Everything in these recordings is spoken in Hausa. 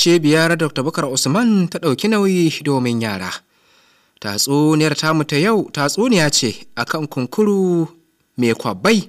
cibiyar dr bukar usman ta ɗauki nauyi domin yara tatsuniyar tamu ta yau tatsuniya ce akan kunkuru mai kwabbai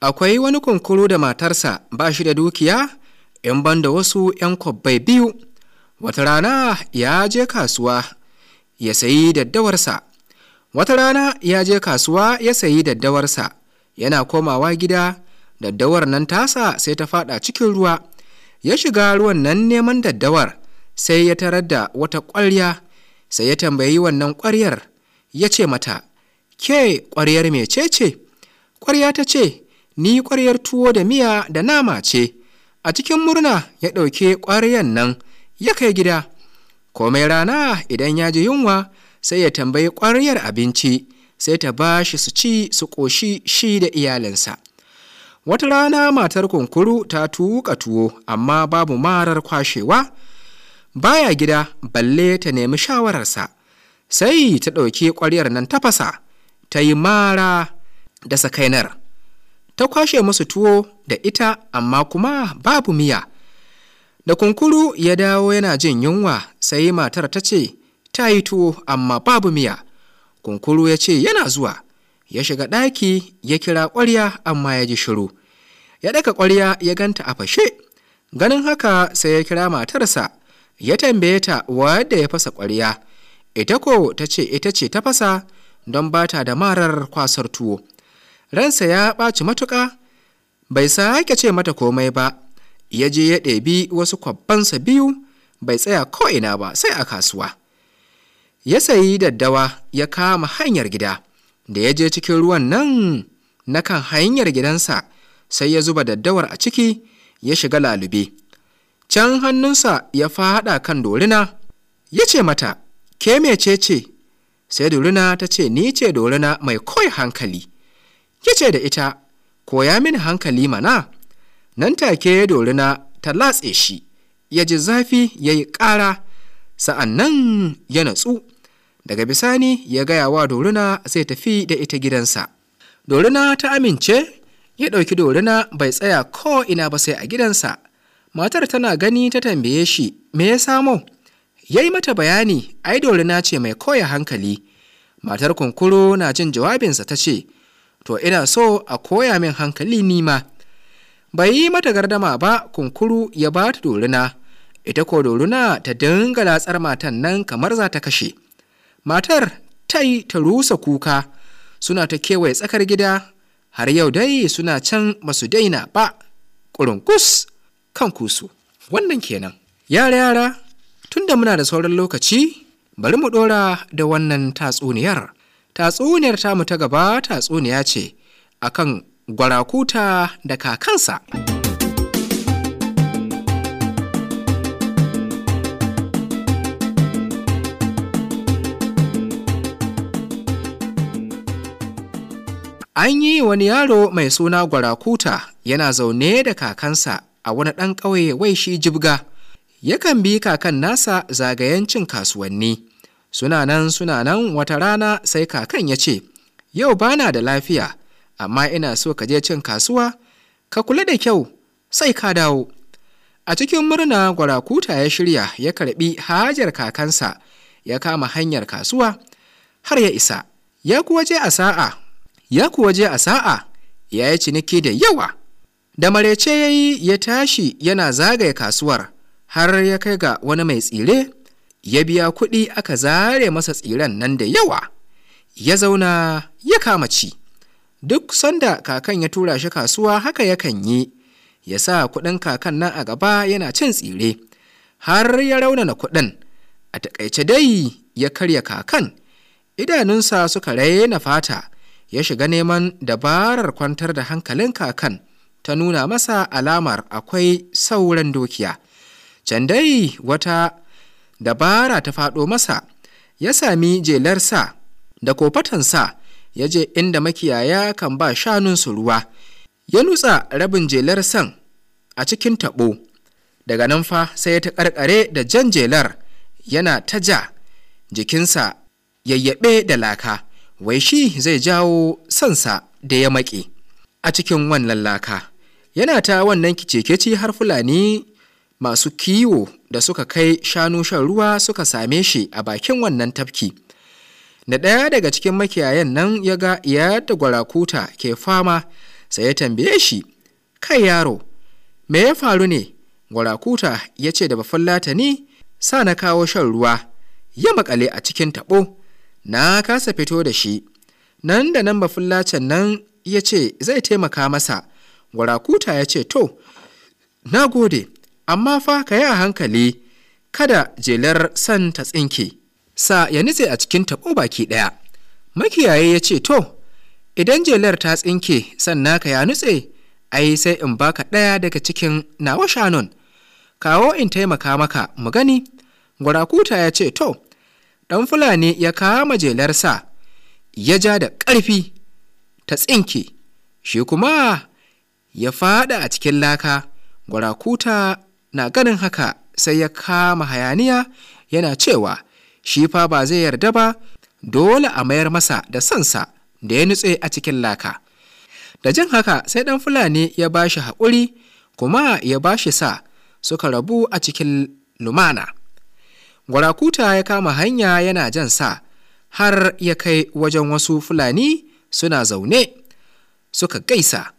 akwai wani kunkuru da matarsa ba shi da dukiya in da wasu 'yan kwabbai biyu wata rana ya je kasuwa ya sayi daddawarsa wata rana ya je kasuwa ya sayi daddawarsa yana komawa gida daddawar nan tasa sai ta fada cikin ruwa ya shiga ruwan nan neman daddawar sai ya tarar da wata ƙwarya sai ya tambayi wannan ƙwaryar ya ce mata ke ƙwaryar mecece ƙwarya ta ce ni ƙwaryar tuwo da miya da nama ce a cikin murna ya ɗauke ƙwaryar nan ya kai gida komai rana idan ya ji yunwa sai ya tambayi ƙwaryar abinci sai ta ba shi su ci su ƙoshi shi da iyalinsa wata rana matar kunkuru ta tuƙa tuwo amma babu marar kwashewa baya gida balle ta nemi shawararsa sai ta ɗauki ƙwaryar nan tafasa ta yi mara da sakainar ta kwashe musu tuwo da ita amma kuma babu miya da kunkuru ya dawo yana jin yunwa sai matar ta ce ta yi tuwo amma babu miya kunkuru ya ce yana zuwa ya shiga ɗaki ya kira ƙwarya amma ya ji shiru ya ɗaka ƙwarya ya ganta a fashe ganin haka sai ya kira matarsa ya tambaye ta wadda ya fasa ƙwarya ita ko ta ce ita ce ta fasa don ba ta da marar kwasar tuwo ransa ya ɓaci matuƙa bai sake ce mata komai ba ya je ya ɗebi wasu kwabbansa biyu bai tsaya ko'ina ba sai a kasuwa ya sayi daddawa ya kama hanyar gida da ya je cikin ruwan nan na kan hanyar gidansa sai ya zuba daddawar a ciki ya shiga lalube can hannunsa ya faɗa kan dorina ya ce mata ke mece ce sai dorina ta ce ni ce dorina mai koi hankali ya ce da ita koya mini hankali mana nan take ya dori na ta latse shi ya ji zafi ya yi ƙara sa'an nan ya natsu daga bisani ya gaya wa dorina zai tafi da ita gidansa dorina ta amince ya ɗauki dorina bai tsaya ko ina ba sai a gidansa matar tana gani ta tambaye shi me ya samo ya yi mata bayani ai dorina ce mai koya hankali matar kunkuru na jin jawabinsa ta ce to ina so a koya min hankali nima bai yi mata gardama ba kunkuru ya ba ta doruna ita ko doruna ta dinga latsar matan nan kamar za ta kashe matar ta yi ta rusa kuka suna ta kewaye tsakar gida har yau dai suna can masu daina ba ƙurunkus kan kusu wannan kenan yara yara tunda muna da sauran lokaci bari mu ɗora da wannan tatsuniyar tatsuniyar mu ta gaba tatsuniya ce akan gwarakuta da kakansa. An yi wani yaro mai suna gwarakuta yana zaune da kakansa a wani ɗan ƙauye wai shi jibga. Yakan bi kakan nasa zagayen kasuwanni. Suna nan suna nan wata rana sai kakan ya ce, Yau bana da lafiya, amma ina so ka je cin kasuwa ka kula da kyau sai ka dawo a cikin murna gwarakuta ya shirya ya karbi hajar kakansa ya kama hanyar kasuwa har ya isa ya kuwa je a sa'a ya kuwa je a sa'a ya yi ciniki da yawa da marece ya yi ya tashi yana zagaye kasuwar har ya kai ga wani mai tsire ya biya kuɗi aka zare masa tsiren nan da yawa ya zauna ya kama ci duk sanda kakan ya tura shi kasuwa haka yakan yi ya sa kuɗin kakan nan a gaba yana cin tsire har ya raunana kuɗin a takaice dai ya karya kakan idanunsa suka raina fata ya shiga neman dabarar kwantar da hankalin kakan ta nuna masa alamar akwai sauran dokiya can dai wata dabara ta faɗo masa ya sami jelarsa da kofatansa ya je inda makiyaya kan ba shanunsu ruwa ya nutsa rabin jelar san a cikin taɓo daga nan fa sai ya ta ƙarƙare da jan jelar yana ta ja jikinsa yayyaɓe da laka wai shi zai jawo sansa da ya maƙe a cikin wannan laka yana ta wannan kicekeci har fulani masu kiwo da suka kai shanu shan ruwa suka same shi a bakin wannan tafki da ɗaya daga cikin makiyayan nan ya ga yadda gwarakuta ke fama sai ya tambaye shi kai yaro me ya faru ne gwarakuta ya ce da bafallata ni sa na kawo shan ruwa ya makale a cikin taɓo na kasa fito da shi nan da nan bafallacen nan ya ce zai taimaka masa gwarakuta ya ce to na gode amma fa ka yi a hankali kada jelar san ta tsinke sa ya nutse a cikin taɓo baki ɗaya makiyaye ya ce to idan jelar ta tsinke sannan ka ya nutse ai sai in baka ɗaya daga cikin nawa shanun kawo in taimaka maka mu gani gwarakuta ya ce to ɗan fulani ya kama jelar sa ya ja da ƙarfi ta tsinke shi kuma ya faɗi a cikin laka gwarakuta na ganin haka sai ya kama hayaniya yana cewa shi fa ba zai yarda ba dole a mayar masa da sansa da ya nutse a cikin laka da jin haka sai ɗan fulani ya ba shi haƙuri kuma ya ba shi sa suka rabu a cikin lumana gwarakuta ya kama hanya yana jan sa har ya kai wajen wasu fulani suna zaune suka gaisa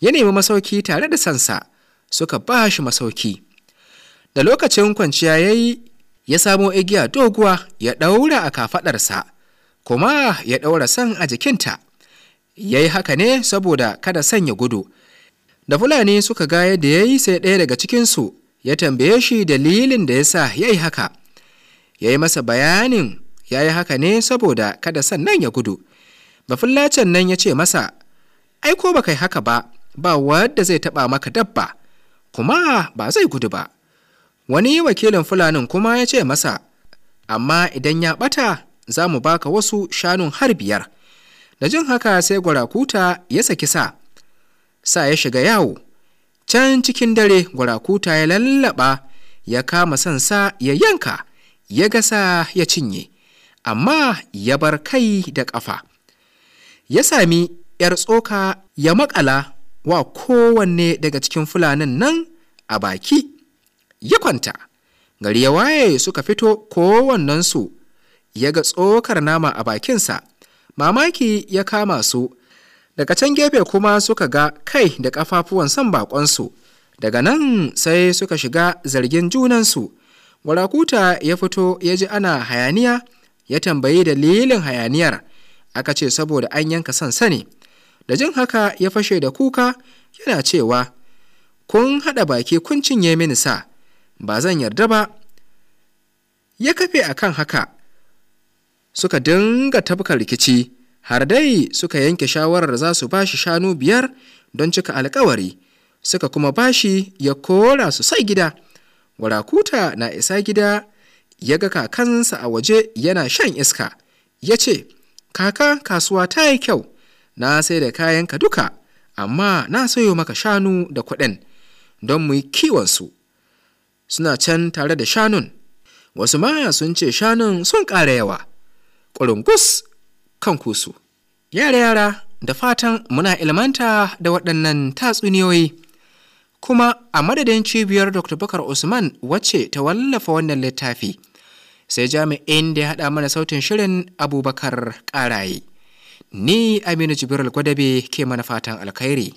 ya nemi masauki tare da sansa suka ba shi masauki da lokacin kwanciya ya yi ya samo igiya doguwa ya ɗaura a kafaɗarsa kuma ya ɗaura san a jikinta ya yi haka ne saboda kada san ya gudu da fulani suka ga yadda ya yi sai ɗaya daga cikinsu ya tambaye shi dalilin da ya sa ya yi haka ya yi masa bayanin ya yi haka ne saboda kada nan ya gudu bafillacen nan ya ce masa ai ko ba kai haka ba ba wadda zai taɓa maka dabba kuma ba zai gudu ba wani wakilin fulanin kuma ya ce masa amma idan ya ɓata za mu baka wasu shanun har biyar da jin haka sai gwarakuta ya saki sa sa ya shiga yawo can cikin dare gwarakuta ya lallaba ya kama sa ya yanka ya gasa ya cinye amma ya bar kai da ƙafa ya sami 'yar tsoka ya makala wa kowanne daga cikin fulanin nan a baki ya kwanta gari ya waye suka fito kowannensu ya ga tsokar nama a bakinsa mamaki ya kama su daga can gefe kuma suka ga kai da ƙafafuwan son baƙonsu daga nan sai suka shiga zargin junansu warakuta ya fito ya ji ana hayaniya ya tambayi dalilin hayaniyar aka ce saboda an yanka sansani da jin haka ya fashe da kuka yana cewa kun haɗa baki kun cinye mini sa ba zan yarda ba ya kafe a kan haka suka dinga tafka rikici har dai suka yanke shawarar za su ba shi shanu biyar don cika alkawari suka kuma ba shi ya kora su sai gida warakuta na isa gida ya ga kakansa a waje yana shan iska ya ce kaka kasuwa ta yi kyau na sai da kayanka duka amma na sayo maka shanu da kuɗin don mu yi kiwonsu suna can tare da shanun wasu maya sun ce shanun sun ƙara yawa ƙulungus kan kusu yara yara da fatan muna ilmanta da waɗannan tatsuniyoyi kuma a madadin cibiyar dr bakar usman wacce ta wallafa wannan littafi sai jami'in da ya haɗa mana sautin shirin abubakar ƙaraye ni aminu jibril gwadabe ke mana fatan alkhairi